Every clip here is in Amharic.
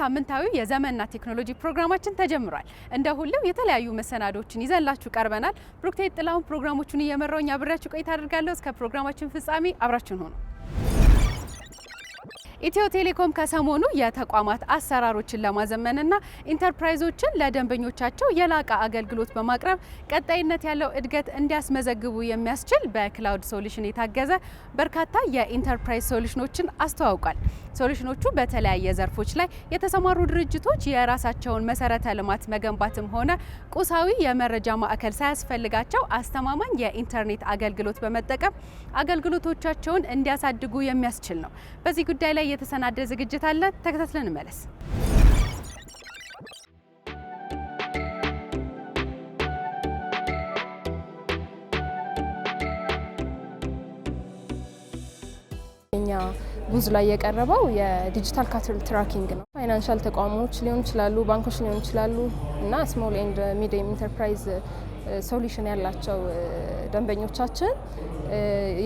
ሳምንታዊ የዘመንና ቴክኖሎጂ ፕሮግራማችን ተጀምሯል። እንደ ሁሌው የተለያዩ መሰናዶችን ይዘንላችሁ ቀርበናል። ብሩክታዊት ጥላሁን ፕሮግራሞቹን እየመራውኝ አብሬያችሁ ቆይታ አድርጋለሁ። እስከ ፕሮግራማችን ፍጻሜ አብራችን ሆኑ። ኢትዮ ቴሌኮም ከሰሞኑ የተቋማት አሰራሮችን ለማዘመንና ኢንተርፕራይዞችን ለደንበኞቻቸው የላቀ አገልግሎት በማቅረብ ቀጣይነት ያለው እድገት እንዲያስመዘግቡ የሚያስችል በክላውድ ሶሉሽን የታገዘ በርካታ የኢንተርፕራይዝ ሶሉሽኖችን አስተዋውቋል። ሶሉሽኖቹ በተለያየ ዘርፎች ላይ የተሰማሩ ድርጅቶች የራሳቸውን መሰረተ ልማት መገንባትም ሆነ ቁሳዊ የመረጃ ማዕከል ሳያስፈልጋቸው አስተማማኝ የኢንተርኔት አገልግሎት በመጠቀም አገልግሎቶቻቸውን እንዲያሳድጉ የሚያስችል ነው። በዚህ ጉዳይ ላይ እየተሰናደ ዝግጅት አለ። ተከታትለን እንመለስ። የኛ ጉዝ ላይ የቀረበው የዲጂታል ካትል ትራኪንግ ነው። ፋይናንሻል ተቋሞች ሊሆን ይችላሉ፣ ባንኮች ሊሆን ይችላሉ እና ስሞል ኤንድ ሚዲየም ኢንተርፕራይዝ ሶሉሽን ያላቸው ደንበኞቻችን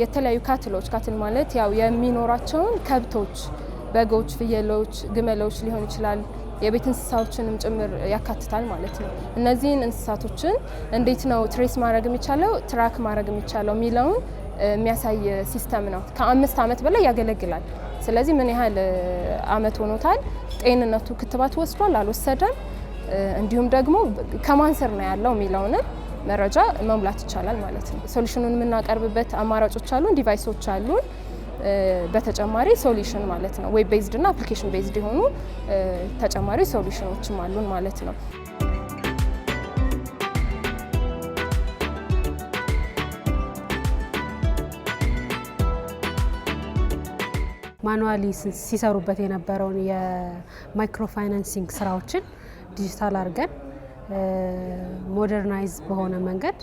የተለያዩ ካትሎች ካትል ማለት ያው የሚኖራቸውን ከብቶች በጎች፣ ፍየሎች፣ ግመሎች ሊሆን ይችላል የቤት እንስሳዎችንም ጭምር ያካትታል ማለት ነው። እነዚህን እንስሳቶችን እንዴት ነው ትሬስ ማድረግ የሚቻለው ትራክ ማድረግ የሚቻለው የሚለውን የሚያሳይ ሲስተም ነው። ከአምስት ዓመት በላይ ያገለግላል። ስለዚህ ምን ያህል ዓመት ሆኖታል፣ ጤንነቱ ክትባት ወስዷል አልወሰደም፣ እንዲሁም ደግሞ ከማን ስር ነው ያለው የሚለውንም መረጃ መሙላት ይቻላል ማለት ነው። ሶሉሽኑን የምናቀርብበት አማራጮች አሉን፣ ዲቫይሶች አሉን። በተጨማሪ ሶሉሽን ማለት ነው ዌብ ቤዝድ እና አፕሊኬሽን ቤዝድ የሆኑ ተጨማሪ ሶሉሽኖችም አሉን ማለት ነው። ማኑዋሊ ሲሰሩበት የነበረውን የማይክሮ ፋይናንሲንግ ስራዎችን ዲጂታል አድርገን ሞደርናይዝ በሆነ መንገድ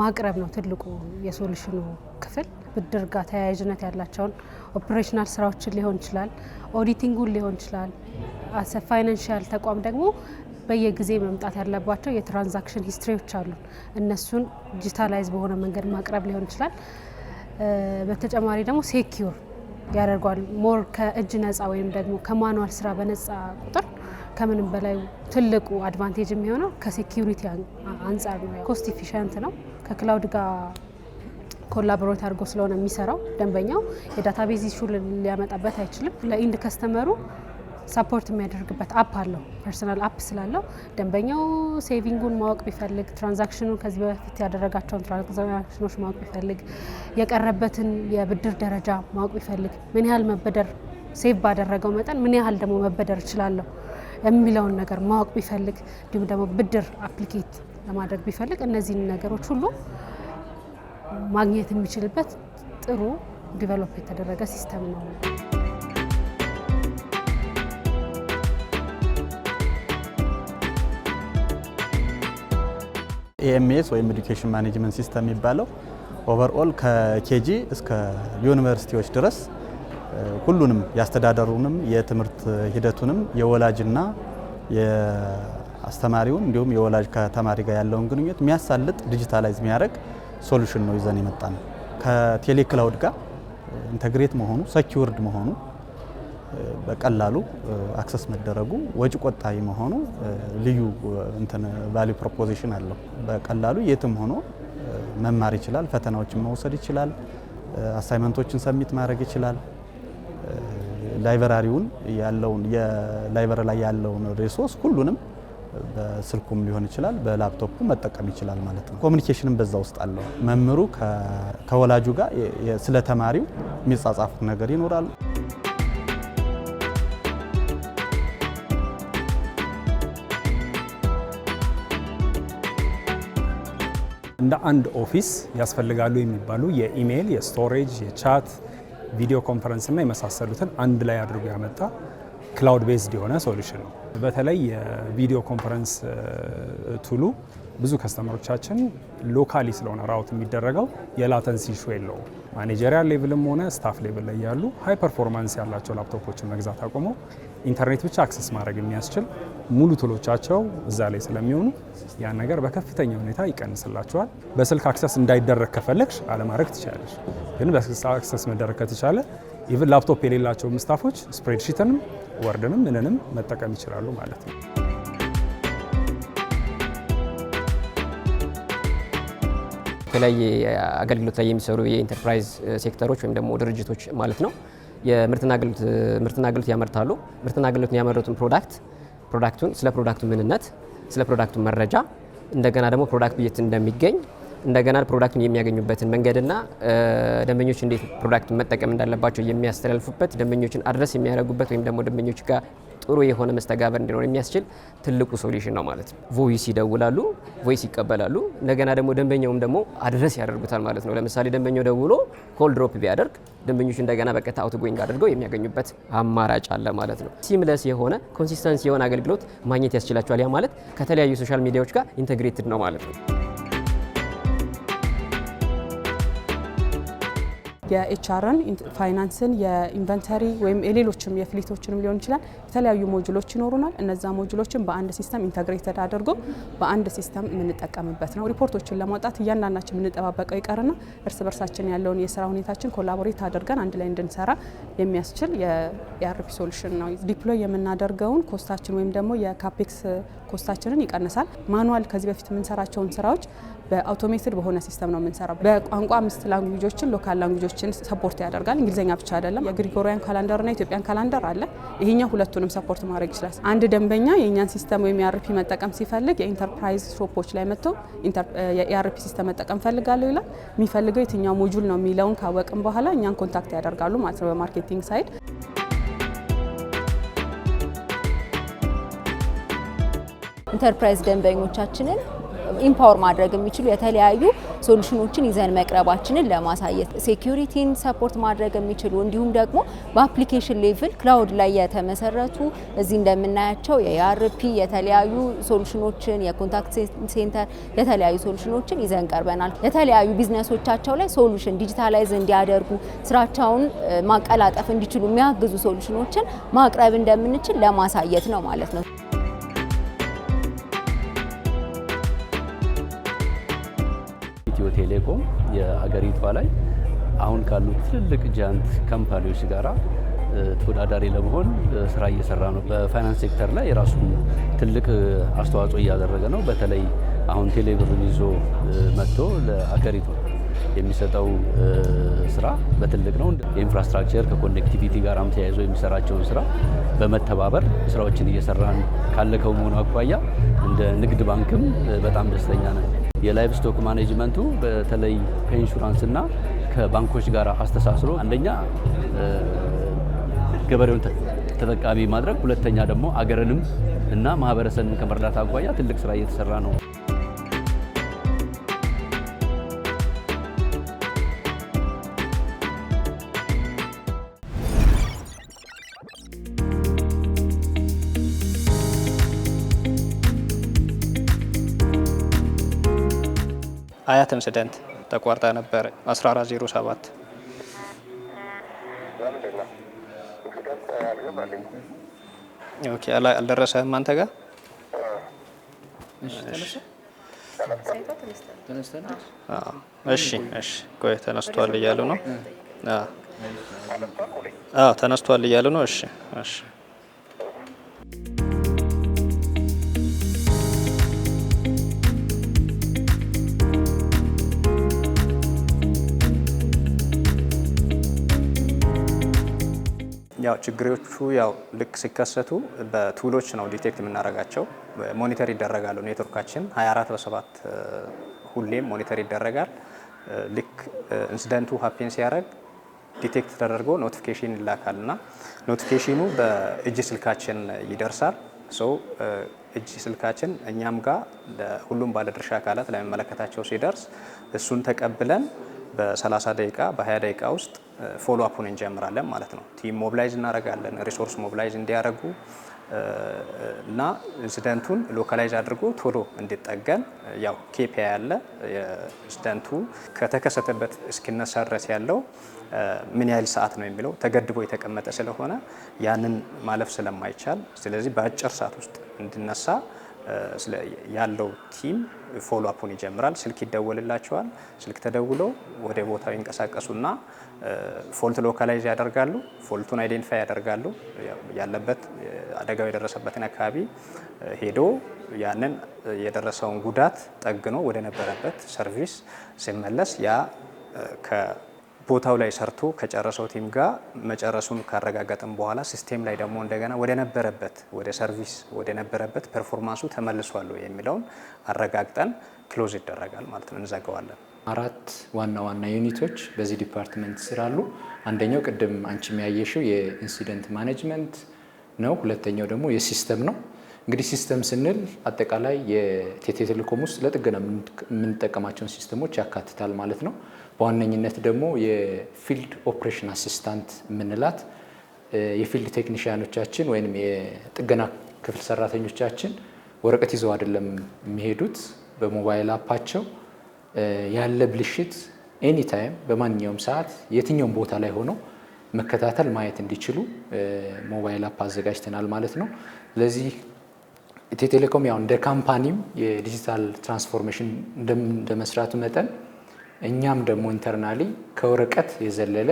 ማቅረብ ነው ትልቁ የሶሉሽኑ ክፍል። ብድር ጋር ተያያዥነት ያላቸውን ኦፕሬሽናል ስራዎችን ሊሆን ይችላል፣ ኦዲቲንጉን ሊሆን ይችላል። አሰ ፋይናንሽል ተቋም ደግሞ በየጊዜ መምጣት ያለባቸው የትራንዛክሽን ሂስትሪዎች አሉ። እነሱን ዲጂታላይዝ በሆነ መንገድ ማቅረብ ሊሆን ይችላል። በተጨማሪ ደግሞ ሴኪዩር ያደርጓል። ሞር ከእጅ ነፃ ወይም ደግሞ ከማኑዋል ስራ በነፃ ቁጥር ከምንም በላይ ትልቁ አድቫንቴጅ የሚሆነው ከሴኪሪቲ አንጻር ነው። ኮስት ኢፊሽንት ነው። ከክላውድ ጋር ኮላቦሬት አድርጎ ስለሆነ የሚሰራው ደንበኛው የዳታቤዝ ኢሹ ሊያመጣበት አይችልም። ለኢንድ ከስተመሩ ሰፖርት የሚያደርግበት አፕ አለው። ፐርሰናል አፕ ስላለው ደንበኛው ሴቪንጉን ማወቅ ቢፈልግ፣ ትራንዛክሽኑን ከዚህ በፊት ያደረጋቸውን ትራንዛክሽኖች ማወቅ ቢፈልግ፣ የቀረበትን የብድር ደረጃ ማወቅ ቢፈልግ፣ ምን ያህል መበደር ሴቭ ባደረገው መጠን ምን ያህል ደግሞ መበደር እችላለሁ የሚለውን ነገር ማወቅ ቢፈልግ እንዲሁም ደግሞ ብድር አፕሊኬት ለማድረግ ቢፈልግ እነዚህን ነገሮች ሁሉ ማግኘት የሚችልበት ጥሩ ዲቨሎፕ የተደረገ ሲስተም ነው። ኤኤምኤስ ወይም ኤዱኬሽን ማኔጅመንት ሲስተም የሚባለው ኦቨርኦል ከኬጂ እስከ ዩኒቨርሲቲዎች ድረስ ሁሉንም የአስተዳደሩንም የትምህርት ሂደቱንም የወላጅና የአስተማሪውን እንዲሁም የወላጅ ከተማሪ ጋር ያለውን ግንኙነት የሚያሳልጥ ዲጂታላይዝ የሚያደርግ ሶሉሽን ነው ይዘን የመጣ ነው። ከቴሌክላውድ ጋር ኢንተግሬት መሆኑ ሰኪውርድ መሆኑ በቀላሉ አክሰስ መደረጉ ወጪ ቆጣቢ መሆኑ ልዩ እንትን ቫልዩ ፕሮፖዚሽን አለው። በቀላሉ የትም ሆኖ መማር ይችላል። ፈተናዎችን መውሰድ ይችላል። አሳይመንቶችን ሰሚት ማድረግ ይችላል። ላይብራሪውን ያለውን የላይብራሪ ላይ ያለውን ሪሶርስ ሁሉንም በስልኩም ሊሆን ይችላል፣ በላፕቶፑ መጠቀም ይችላል ማለት ነው። ኮሚኒኬሽንም በዛ ውስጥ አለው። መምህሩ ከወላጁ ጋር ስለ ተማሪው የሚጻጻፉት ነገር ይኖራል። እንደ አንድ ኦፊስ ያስፈልጋሉ የሚባሉ የኢሜይል፣ የስቶሬጅ፣ የቻት፣ ቪዲዮ ኮንፈረንስ እና የመሳሰሉትን አንድ ላይ አድርጎ ያመጣ ክላውድ ቤዝድ የሆነ ሶሉሽን ነው። በተለይ የቪዲዮ ኮንፈረንስ ቱሉ ብዙ ከስተመሮቻችን ሎካሊ ስለሆነ ራውት የሚደረገው የላተንሲ ሹ የለው ማኔጀሪያል ሌቭልም ሆነ ስታፍ ሌቭል ላይ ያሉ ሃይ ፐርፎርማንስ ያላቸው ላፕቶፖችን መግዛት አቁመው ኢንተርኔት ብቻ አክሰስ ማድረግ የሚያስችል ሙሉ ቱሎቻቸው እዛ ላይ ስለሚሆኑ ያን ነገር በከፍተኛ ሁኔታ ይቀንስላቸዋል። በስልክ አክሰስ እንዳይደረግ ከፈለግሽ አለማድረግ ትችላለች። ግን በስልክ አክሰስ መደረግ ከተቻለ ኢቭን ላፕቶፕ የሌላቸው ስታፎች ስፕሬድሺትንም ወርድንም ምንንም መጠቀም ይችላሉ ማለት ነው። የተለያየ አገልግሎት ላይ የሚሰሩ የኢንተርፕራይዝ ሴክተሮች ወይም ደግሞ ድርጅቶች ማለት ነው የምርትና አገልግሎት ምርትና አገልግሎት ያመርታሉ። ምርትና አገልግሎት ያመረቱን ፕሮዳክት ፕሮዳክቱን ስለ ፕሮዳክቱ ምንነት፣ ስለ ፕሮዳክቱ መረጃ እንደገና ደግሞ ፕሮዳክቱ የት እንደሚገኝ እንደገና ፕሮዳክቱን የሚያገኙበትን መንገድና ደንበኞች እንዴት ፕሮዳክቱን መጠቀም እንዳለባቸው የሚያስተላልፉበት ደንበኞችን አድረስ የሚያደርጉበት ወይም ደግሞ ደንበኞች ጋር ጥሩ የሆነ መስተጋበር እንዲኖር የሚያስችል ትልቁ ሶሉሽን ነው ማለት ነው። ቮይስ ይደውላሉ፣ ቮይስ ይቀበላሉ። እንደገና ደግሞ ደንበኛውም ደግሞ አድረስ ያደርጉታል ማለት ነው። ለምሳሌ ደንበኛው ደውሎ ኮል ድሮፕ ቢያደርግ ደንበኞች እንደገና በቀጥታ አውትጎይንግ አድርገው የሚያገኙበት አማራጭ አለ ማለት ነው። ሲምለስ የሆነ ኮንሲስተንስ የሆነ አገልግሎት ማግኘት ያስችላቸዋል። ያ ማለት ከተለያዩ ሶሻል ሚዲያዎች ጋር ኢንተግሬትድ ነው ማለት ነው። የኤችአርን ፋይናንስን፣ የኢንቨንተሪ ወይም የሌሎችም የፍሊቶችንም ሊሆን ይችላል የተለያዩ ሞጁሎች ይኖሩናል። እነዛ ሞጁሎችን በአንድ ሲስተም ኢንተግሬትድ አድርጎ በአንድ ሲስተም የምንጠቀምበት ነው። ሪፖርቶችን ለማውጣት እያንዳንዳችን የምንጠባበቀው ይቀርና እርስ በርሳችን ያለውን የስራ ሁኔታችን ኮላቦሬት አድርገን አንድ ላይ እንድንሰራ የሚያስችል የኢአርፒ ሶሉሽን ነው። ዲፕሎይ የምናደርገውን ኮስታችን ወይም ደግሞ የካፔክስ ኮስታችንን ይቀንሳል። ማኑዋል ከዚህ በፊት የምንሰራቸውን ስራዎች በአውቶሜትድ በሆነ ሲስተም ነው የምንሰራው። በቋንቋ አምስት ላንጉጆችን ሎካል ላንጉጆችን ሰፖርት ያደርጋል። እንግሊዝኛ ብቻ አይደለም። የግሪጎሪያን ካላንደር እና የኢትዮጵያን ካላንደር አለ። ይሄኛው ሁለቱንም ሰፖርት ማድረግ ይችላል። አንድ ደንበኛ የእኛን ሲስተም ወይም የአርፒ መጠቀም ሲፈልግ የኢንተርፕራይዝ ሾፖች ላይ መጥቶ የአርፒ ሲስተም መጠቀም ፈልጋለሁ ይላል። የሚፈልገው የትኛው ሞጁል ነው የሚለውን ካወቅም በኋላ እኛን ኮንታክት ያደርጋሉ ማለት ነው በማርኬቲንግ ሳይድ ኢንተርፕራይዝ ደንበኞቻችንን ኢምፓወር ማድረግ የሚችሉ የተለያዩ ሶሉሽኖችን ይዘን መቅረባችንን ለማሳየት ሴኩሪቲን ሰፖርት ማድረግ የሚችሉ እንዲሁም ደግሞ በአፕሊኬሽን ሌቭል ክላውድ ላይ የተመሰረቱ እዚህ እንደምናያቸው የኢአርፒ የተለያዩ ሶሉሽኖችን የኮንታክት ሴንተር የተለያዩ ሶሉሽኖችን ይዘን ቀርበናል። የተለያዩ ቢዝነሶቻቸው ላይ ሶሉሽን ዲጂታላይዝ እንዲያደርጉ ስራቸውን ማቀላጠፍ እንዲችሉ የሚያግዙ ሶሉሽኖችን ማቅረብ እንደምንችል ለማሳየት ነው ማለት ነው። ኢትዮ ቴሌኮም የአገሪቷ ላይ አሁን ካሉ ትልልቅ ጃንት ካምፓኒዎች ጋራ ተወዳዳሪ ለመሆን ስራ እየሰራ ነው። በፋይናንስ ሴክተር ላይ የራሱን ትልቅ አስተዋጽኦ እያደረገ ነው። በተለይ አሁን ቴሌብርን ይዞ መጥቶ ለአገሪቷ የሚሰጠው ስራ በትልቅ ነው። የኢንፍራስትራክቸር ከኮኔክቲቪቲ ጋርም ተያይዞ የሚሰራቸውን ስራ በመተባበር ስራዎችን እየሰራን ካለከው መሆኑ አኳያ እንደ ንግድ ባንክም በጣም ደስተኛ ነን። የላይቭ ስቶክ ማኔጅመንቱ በተለይ ከኢንሹራንስና ከባንኮች ጋር አስተሳስሮ አንደኛ ገበሬውን ተጠቃሚ ማድረግ፣ ሁለተኛ ደግሞ አገርንም እና ማህበረሰብን ከመርዳት አኳያ ትልቅ ስራ እየተሰራ ነው። አያት ኢንሲደንት ተቋርጣ ነበር 1407 ኦኬ አልደረሰህም አንተ ጋር እሺ እሺ ቆይ ተነስቷል እያሉ ነው አዎ ተነስቷል እያሉ ነው እሺ እሺ ያው ችግሮቹ ያው ልክ ሲከሰቱ በቱሎች ነው ዲቴክት የምናደርጋቸው። ሞኒተር ይደረጋሉ። ኔትወርካችን 24 በሰባት ሁሌም ሞኒተር ይደረጋል። ልክ ኢንሲደንቱ ሀፔን ሲያደርግ ዲቴክት ተደርጎ ኖቲፊኬሽን ይላካል እና ኖቲፊኬሽኑ በእጅ ስልካችን ይደርሳል። ሰው እጅ ስልካችን እኛም ጋር ሁሉም ባለድርሻ አካላት ለሚመለከታቸው ሲደርስ እሱን ተቀብለን በ30 ደቂቃ በ20 ደቂቃ ውስጥ ፎሎ አፑን እንጀምራለን ማለት ነው። ቲም ሞብላይዝ እናደርጋለን፣ ሪሶርስ ሞብላይዝ እንዲያደርጉ እና ኢንሲደንቱን ሎካላይዝ አድርጎ ቶሎ እንዲጠገን ያው ኬፒ ያለ ኢንሲደንቱ ከተከሰተበት እስኪነሳ ድረስ ያለው ምን ያህል ሰዓት ነው የሚለው ተገድቦ የተቀመጠ ስለሆነ ያንን ማለፍ ስለማይቻል፣ ስለዚህ በአጭር ሰዓት ውስጥ እንዲነሳ ያለው ቲም ፎሎ አፑን ይጀምራል። ስልክ ይደወልላቸዋል። ስልክ ተደውሎ ወደ ቦታው ይንቀሳቀሱና ፎልት ሎካላይዝ ያደርጋሉ። ፎልቱን አይዴንቲፋይ ያደርጋሉ። ያለበት አደጋው የደረሰበትን አካባቢ ሄዶ ያንን የደረሰውን ጉዳት ጠግኖ ወደ ነበረበት ሰርቪስ ሲመለስ ያ ቦታው ላይ ሰርቶ ከጨረሰው ቲም ጋር መጨረሱን ካረጋገጥን በኋላ ሲስቴም ላይ ደግሞ እንደገና ወደ ነበረበት ወደ ሰርቪስ ወደ ነበረበት ፐርፎርማንሱ ተመልሷል የሚለውን አረጋግጠን ክሎዝ ይደረጋል ማለት ነው፣ እንዘጋዋለን። አራት ዋና ዋና ዩኒቶች በዚህ ዲፓርትመንት ስራሉ። አንደኛው ቅድም አንቺ የሚያየሽው የኢንሲደንት ማኔጅመንት ነው። ሁለተኛው ደግሞ የሲስተም ነው። እንግዲህ ሲስተም ስንል አጠቃላይ የቴቴ ቴሌኮም ውስጥ ለጥገና የምንጠቀማቸውን ሲስተሞች ያካትታል ማለት ነው። በዋነኝነት ደግሞ የፊልድ ኦፕሬሽን አሲስታንት የምንላት የፊልድ ቴክኒሽያኖቻችን ወይም የጥገና ክፍል ሰራተኞቻችን ወረቀት ይዘው አይደለም የሚሄዱት። በሞባይል አፓቸው ያለ ብልሽት ኤኒታይም በማንኛውም ሰዓት የትኛውም ቦታ ላይ ሆነው መከታተል ማየት እንዲችሉ ሞባይል አፕ አዘጋጅተናል ማለት ነው። ስለዚህ ኢትዮ ቴሌኮም ያው እንደ ካምፓኒም የዲጂታል ትራንስፎርሜሽን እንደመስራቱ መጠን እኛም ደግሞ ኢንተርናሊ ከወረቀት የዘለለ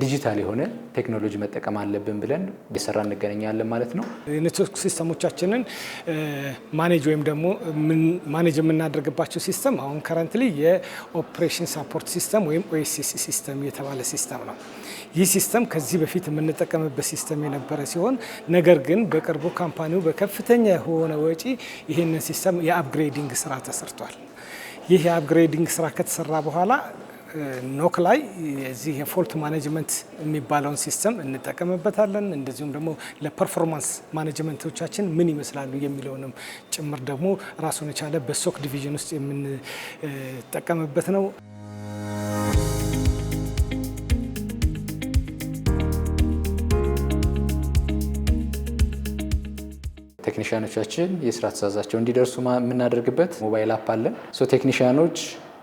ዲጂታል የሆነ ቴክኖሎጂ መጠቀም አለብን ብለን እየሰራ እንገናኛለን ማለት ነው። የኔትወርክ ሲስተሞቻችንን ማኔጅ ወይም ደግሞ ማኔጅ የምናደርግባቸው ሲስተም አሁን ከረንትሊ የኦፕሬሽን ሳፖርት ሲስተም ወይም ኦኤስሲ ሲስተም የተባለ ሲስተም ነው። ይህ ሲስተም ከዚህ በፊት የምንጠቀምበት ሲስተም የነበረ ሲሆን ነገር ግን በቅርቡ ካምፓኒው በከፍተኛ የሆነ ወጪ ይህንን ሲስተም የአፕግሬዲንግ ስራ ተሰርቷል። ይህ የአፕግሬዲንግ ስራ ከተሰራ በኋላ ኖክ ላይ የዚህ የፎልት ማኔጅመንት የሚባለውን ሲስተም እንጠቀምበታለን። እንደዚሁም ደግሞ ለፐርፎርማንስ ማኔጅመንቶቻችን ምን ይመስላሉ የሚለውንም ጭምር ደግሞ ራሱን የቻለ በሶክ ዲቪዥን ውስጥ የምንጠቀምበት ነው። ቴክኒሽያኖቻችን የስራ ትእዛዛቸው እንዲደርሱ የምናደርግበት ሞባይል አፕ አለን። ቴክኒሽያኖች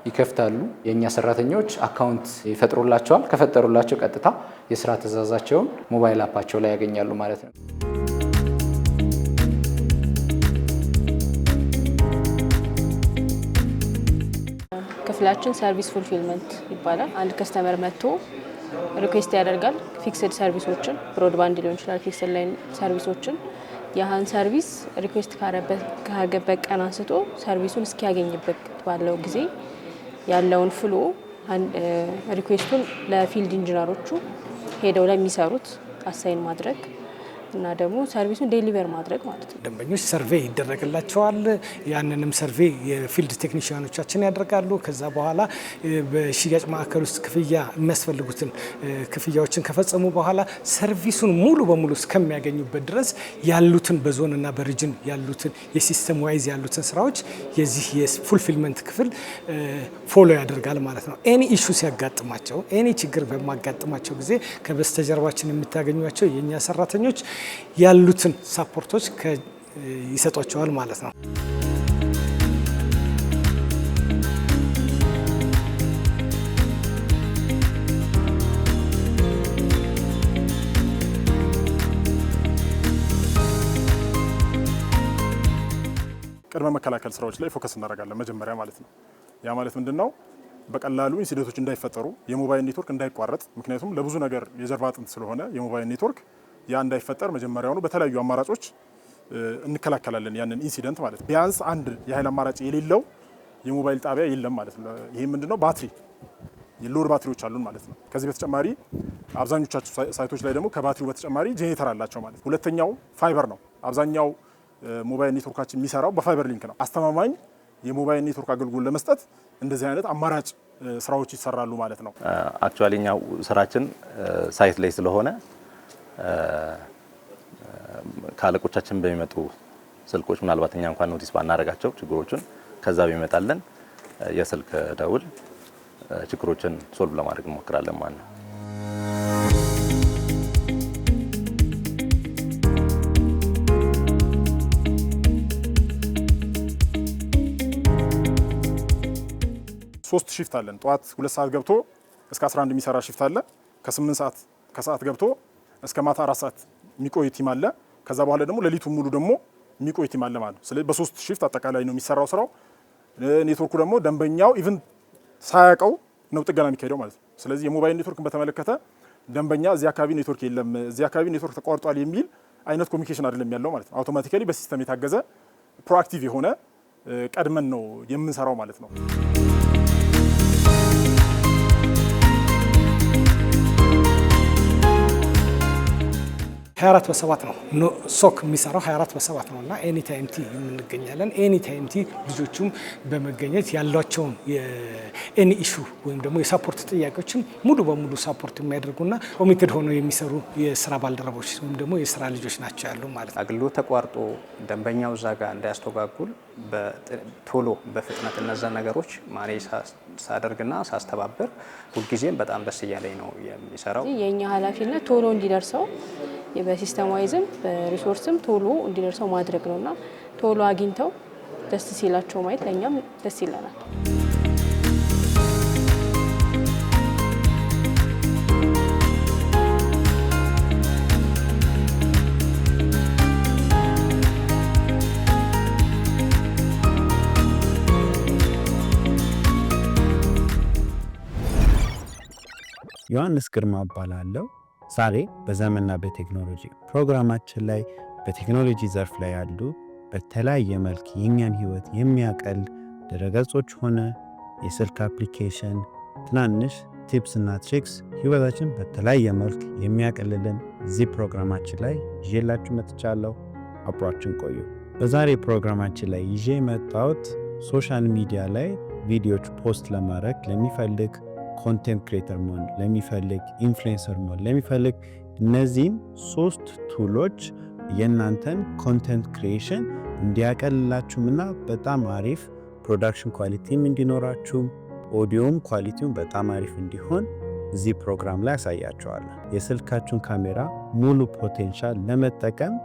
ይከፍታሉ። የእኛ ሰራተኞች አካውንት ይፈጥሩላቸዋል። ከፈጠሩላቸው ቀጥታ የስራ ትእዛዛቸውን ሞባይል አፓቸው ላይ ያገኛሉ ማለት ነው። ክፍላችን ሰርቪስ ፉልፊልመንት ይባላል። አንድ ከስተመር መጥቶ ሪኩዌስት ያደርጋል ፊክስድ ሰርቪሶችን ብሮድባንድ ሊሆን ይችላል ፊክስድ ላይን ሰርቪሶችን ያህን ሰርቪስ ሪኩዌስት ካገበት ቀን አንስቶ ሰርቪሱን እስኪያገኝበት ባለው ጊዜ ያለውን ፍሎ ሪኩዌስቱን ለፊልድ ኢንጂነሮቹ ሄደው ለሚሰሩት አሳይን ማድረግ እና ደግሞ ሰርቪሱን ዴሊቨር ማድረግ ማለት ነው። ደንበኞች ሰርቬ ይደረግላቸዋል። ያንንም ሰርቬ የፊልድ ቴክኒሽያኖቻችን ያደርጋሉ። ከዛ በኋላ በሽያጭ ማዕከል ውስጥ ክፍያ የሚያስፈልጉትን ክፍያዎችን ከፈጸሙ በኋላ ሰርቪሱን ሙሉ በሙሉ እስከሚያገኙበት ድረስ ያሉትን በዞንና በሪጅን ያሉትን የሲስተም ዋይዝ ያሉትን ስራዎች የዚህ የፉልፊልመንት ክፍል ፎሎ ያደርጋል ማለት ነው። ኤኒ ኢሹ ሲያጋጥማቸው፣ ኤኒ ችግር በማጋጥማቸው ጊዜ ከበስተጀርባችን የምታገኟቸው የእኛ ሰራተኞች ያሉትን ሳፖርቶች ይሰጧቸዋል ማለት ነው። ቅድመ መከላከል ስራዎች ላይ ፎከስ እናደርጋለን መጀመሪያ ማለት ነው። ያ ማለት ምንድን ነው? በቀላሉ ኢንሲደንቶች እንዳይፈጠሩ የሞባይል ኔትወርክ እንዳይቋረጥ፣ ምክንያቱም ለብዙ ነገር የጀርባ አጥንት ስለሆነ የሞባይል ኔትወርክ ያ እንዳይፈጠር መጀመሪያውኑ በተለያዩ አማራጮች እንከላከላለን ያንን ኢንሲደንት ማለት ነው። ቢያንስ አንድ የኃይል አማራጭ የሌለው የሞባይል ጣቢያ የለም ማለት ነው። ይሄ ምንድነው? ባትሪ የሎድ ባትሪዎች አሉን ማለት ነው። ከዚህ በተጨማሪ አብዛኞቻቸው ሳይቶች ላይ ደግሞ ከባትሪው በተጨማሪ ጄኔተር አላቸው ማለት ነው። ሁለተኛው ፋይበር ነው። አብዛኛው ሞባይል ኔትወርካችን የሚሰራው በፋይበር ሊንክ ነው። አስተማማኝ የሞባይል ኔትወርክ አገልግሎት ለመስጠት እንደዚህ አይነት አማራጭ ስራዎች ይሰራሉ ማለት ነው። አክቹዋሊ እኛ ስራችን ሳይት ላይ ስለሆነ ከአለቆቻችን በሚመጡ ስልኮች ምናልባት እኛ እንኳን ኖቲስ ባናደርጋቸው ችግሮችን ከዛ ቢመጣለን የስልክ ደውል ችግሮችን ሶልቭ ለማድረግ እንሞክራለን ማለት ነው። ሶስት ሺፍት አለን። ጠዋት ሁለት ሰዓት ገብቶ እስከ 11 የሚሰራ ሺፍት አለ። ከ8 ሰዓት ከሰዓት ገብቶ እስከ ማታ አራት ሰዓት የሚቆይ ቲም አለ። ከዛ በኋላ ደግሞ ሌሊቱን ሙሉ ደግሞ የሚቆይ ቲም አለ ማለት ነው። ስለዚህ በሶስት ሽፍት አጠቃላይ ነው የሚሰራው ስራው። ኔትወርኩ ደግሞ ደንበኛው ኢቭን ሳያውቀው ነው ጥገና የሚካሄደው ማለት ነው። ስለዚህ የሞባይል ኔትወርክን በተመለከተ ደንበኛ እዚህ አካባቢ ኔትወርክ የለም፣ እዚህ አካባቢ ኔትወርክ ተቋርጧል የሚል አይነት ኮሚኒኬሽን አይደለም ያለው ማለት ነው። አውቶማቲካሊ በሲስተም የታገዘ ፕሮአክቲቭ የሆነ ቀድመን ነው የምንሰራው ማለት ነው። 24 በሰባት ነው ሶክ የሚሰራው 24 በሰባት ነው እና ኤኒ ታይም ቲ የምንገኛለን። ኤኒ ታይም ቲ ልጆቹም በመገኘት ያሏቸውን የኤኒ ኢሹ ወይም ደግሞ የሳፖርት ጥያቄዎችን ሙሉ በሙሉ ሳፖርት የሚያደርጉና ኦሚትድ ሆነው የሚሰሩ የስራ ባልደረቦች ወይም ደግሞ የስራ ልጆች ናቸው ያሉ ማለት ነው። አገልግሎት ተቋርጦ ደንበኛው እዛ ጋር እንዳያስተጓጉል ቶሎ በፍጥነት እነዛን ነገሮች ማኔ ሳደርግና ሳስተባብር ሁልጊዜም በጣም ደስ እያለኝ ነው የሚሰራው። የእኛ ኃላፊነት ቶሎ እንዲደርሰው ዋይዝም በሪሶርስም ቶሎ እንዲደርሰው ማድረግ ነው እና ቶሎ አግኝተው ደስ ሲላቸው ማየት ለእኛም ደስ ይለናል። ዮሐንስ ግርማ እባላለሁ። ዛሬ በዘመንና በቴክኖሎጂ ፕሮግራማችን ላይ በቴክኖሎጂ ዘርፍ ላይ ያሉ በተለያየ መልክ የእኛን ህይወት የሚያቀል ድረገጾች ሆነ የስልክ አፕሊኬሽን ትናንሽ ቲፕስ እና ትሪክስ ህይወታችን በተለያየ መልክ የሚያቀልልን እዚህ ፕሮግራማችን ላይ ይዤላችሁ መጥቻለሁ። አብሯችን ቆዩ። በዛሬ ፕሮግራማችን ላይ ይዤ መጣሁት ሶሻል ሚዲያ ላይ ቪዲዮዎች ፖስት ለማድረግ ለሚፈልግ ኮንቴንት ክሬተር መሆን ለሚፈልግ፣ ኢንፍሉዌንሰር መሆን ለሚፈልግ እነዚህም ሶስት ቱሎች የእናንተን ኮንተንት ክሪኤሽን እንዲያቀልላችሁም እና በጣም አሪፍ ፕሮዳክሽን ኳሊቲም እንዲኖራችሁም ኦዲዮም ኳሊቲውም በጣም አሪፍ እንዲሆን እዚህ ፕሮግራም ላይ ያሳያችኋለሁ። የስልካችሁን ካሜራ ሙሉ ፖቴንሻል ለመጠቀም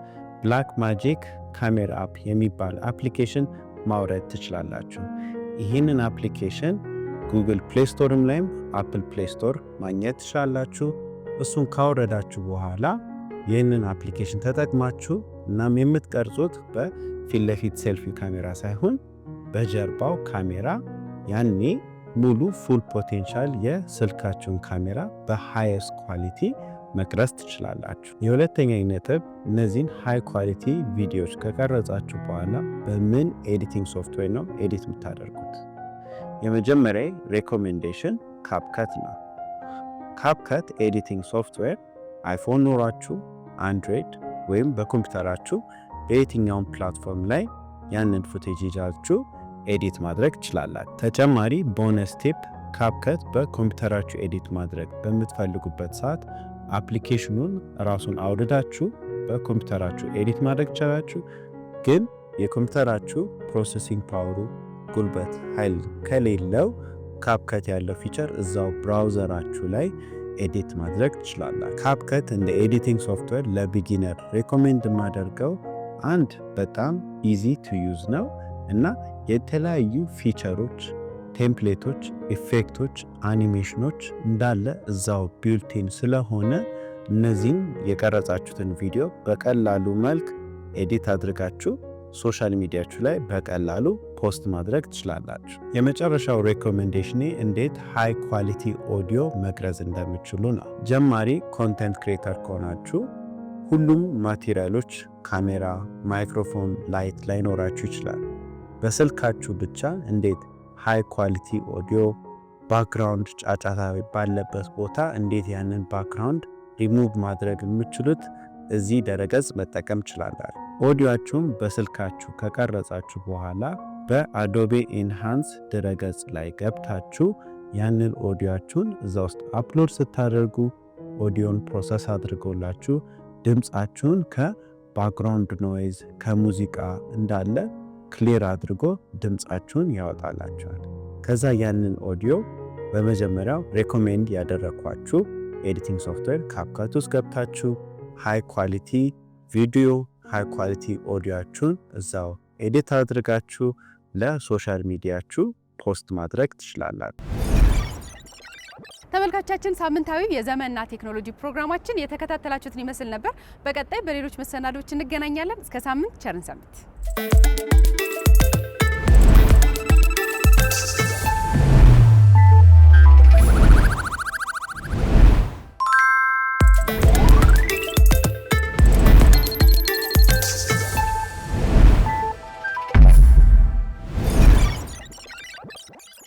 ብላክ ማጂክ ካሜራ አፕ የሚባል አፕሊኬሽን ማውረድ ትችላላችሁ። ይህንን አፕሊኬሽን ጉግል ፕሌይ ስቶርም ላይም አፕል ፕሌይ ስቶር ማግኘት ትችላላችሁ። እሱን ካወረዳችሁ በኋላ ይህንን አፕሊኬሽን ተጠቅማችሁ እናም የምትቀርጹት በፊት ለፊት ሴልፊ ካሜራ ሳይሆን በጀርባው ካሜራ ያኔ ሙሉ ፉል ፖቴንሻል የስልካችሁን ካሜራ በሃይስ ኳሊቲ መቅረጽ ትችላላችሁ። የሁለተኛ ነጥብ እነዚህን ሃይ ኳሊቲ ቪዲዮዎች ከቀረጻችሁ በኋላ በምን ኤዲቲንግ ሶፍትዌር ነው ኤዲት የምታደርጉት? የመጀመሪያ ሬኮሜንዴሽን ካፕከት ነው። ካፕከት ኤዲቲንግ ሶፍትዌር አይፎን ኖሯችሁ አንድሮይድ ወይም በኮምፒውተራችሁ በየትኛውም ፕላትፎርም ላይ ያንን ፉቴጅ ይዛችሁ ኤዲት ማድረግ ትችላላችሁ። ተጨማሪ ቦነስ ቲፕ ካፕከት በኮምፒውተራችሁ ኤዲት ማድረግ በምትፈልጉበት ሰዓት አፕሊኬሽኑን ራሱን አውርዳችሁ በኮምፒውተራችሁ ኤዲት ማድረግ ትችላላችሁ። ግን የኮምፒውተራችሁ ፕሮሰሲንግ ፓወሩ ጉልበት ኃይል ከሌለው ካፕከት ያለው ፊቸር እዛው ብራውዘራችሁ ላይ ኤዲት ማድረግ ትችላላ። ካፕከት እንደ ኤዲቲንግ ሶፍትዌር ለቢጊነር ሬኮሜንድ የማደርገው አንድ በጣም ኢዚ ቱ ዩዝ ነው እና የተለያዩ ፊቸሮች፣ ቴምፕሌቶች፣ ኢፌክቶች፣ አኒሜሽኖች እንዳለ እዛው ቢልቲን ስለሆነ እነዚህን የቀረጻችሁትን ቪዲዮ በቀላሉ መልክ ኤዲት አድርጋችሁ ሶሻል ሚዲያችሁ ላይ በቀላሉ ፖስት ማድረግ ትችላላችሁ። የመጨረሻው ሬኮሜንዴሽኔ እንዴት ሃይ ኳሊቲ ኦዲዮ መቅረጽ እንደምችሉ ነው። ጀማሪ ኮንተንት ክሬተር ከሆናችሁ ሁሉም ማቴሪያሎች ካሜራ፣ ማይክሮፎን፣ ላይት ላይኖራችሁ ይችላል። በስልካችሁ ብቻ እንዴት ሃይ ኳሊቲ ኦዲዮ ባክግራውንድ ጫጫታ ባለበት ቦታ እንዴት ያንን ባክግራውንድ ሪሙቭ ማድረግ የምችሉት እዚህ ደረገጽ መጠቀም ችላላል። ኦዲዮችሁም በስልካችሁ ከቀረጻችሁ በኋላ በአዶቤ ኢንሃንስ ድረገጽ ላይ ገብታችሁ ያንን ኦዲያችሁን እዛ ውስጥ አፕሎድ ስታደርጉ ኦዲዮን ፕሮሰስ አድርጎላችሁ ድምፃችሁን ከባክግራውንድ ኖይዝ ከሙዚቃ እንዳለ ክሊር አድርጎ ድምፃችሁን ያወጣላችኋል። ከዛ ያንን ኦዲዮ በመጀመሪያው ሬኮሜንድ ያደረግኳችሁ ኤዲቲንግ ሶፍትዌር ካፕካት ውስጥ ገብታችሁ ሃይ ኳሊቲ ቪዲዮ ሃይ ኳሊቲ ኦዲዮችሁን እዛው ኤዲት አድርጋችሁ ለሶሻል ሚዲያችሁ ፖስት ማድረግ ትችላላችሁ። ተመልካቻችን ሳምንታዊ የዘመንና ቴክኖሎጂ ፕሮግራማችን የተከታተላችሁትን ይመስል ነበር። በቀጣይ በሌሎች መሰናዶች እንገናኛለን። እስከ ሳምንት ቸርን ሰምት።